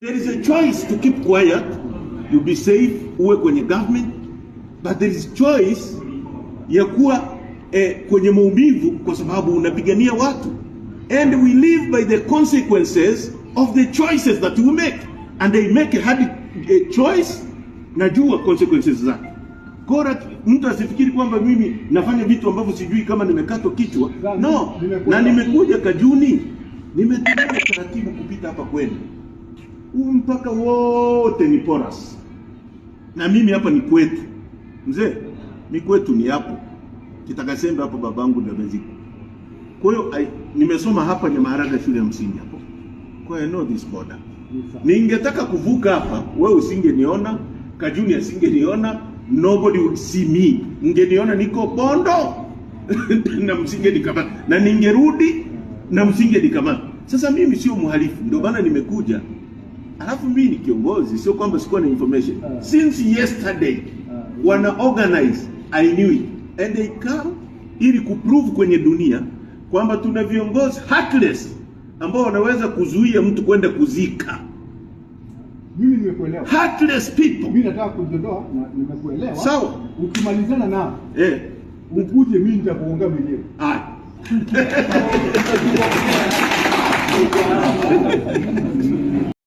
There is a choice to keep quiet, you be safe, uwe kwenye government, but there is choice ya kuwa eh, kwenye maumivu kwa sababu unapigania watu. And we live by the consequences of the choices that we make. And they make a hard a choice, najua consequences zake. Kora mtu asifikiri kwamba mimi nafanya vitu ambavyo sijui kama nimekatwa kichwa. No, na nimekuja Kajuni, nimetumia taratibu kupita hapa kwenu huu mpaka wote ni porous, na mimi hapa ni kwetu mzee, ni kwetu, ni hapo Kitakasembe hapo, babangu ndio amezikwa. Kwa hiyo nimesoma hapa maharaga shule ya msingi hapo, kwa hiyo I know this border. Ningetaka kuvuka hapa, wewe usingeniona, Kajuni asingeniona, nobody would see me. Mngeniona niko Bondo na msinge nikamata, na ningerudi na msinge nikamata. Sasa mimi sio muhalifu, ndio maana nimekuja Alafu mimi ni kiongozi, sio kwamba sikuwa na information uh, since yesterday uh, wana organize I knew it and they come ili kuprove kwenye dunia kwamba tuna viongozi heartless ambao wanaweza kuzuia mtu kwenda kuzika. Mimi nimekuelewa. Heartless people. Mimi nataka kujiondoa na nimekuelewa. Sawa. So, Ukimalizana na eh, ukuje mimi nitakuongea mwenyewe. Haya.